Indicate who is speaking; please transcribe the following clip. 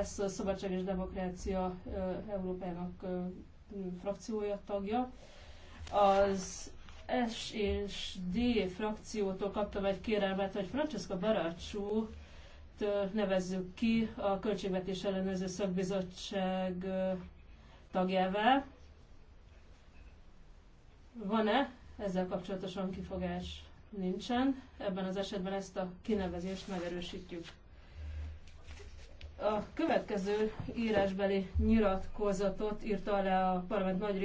Speaker 1: Ez a Szabadság és Demokrácia Európának frakciója tagja. Az S és D frakciótól kaptam egy kérelmet, hogy Francesca Baraccio nevezzük ki a Költségvetés Ellenőrző Szakbizottság tagjává. Van-e ezzel kapcsolatosan kifogás? Nincsen. Ebben az esetben ezt a kinevezést megerősítjük. A következő írásbeli nyilatkozatot írta alá a parlament nagy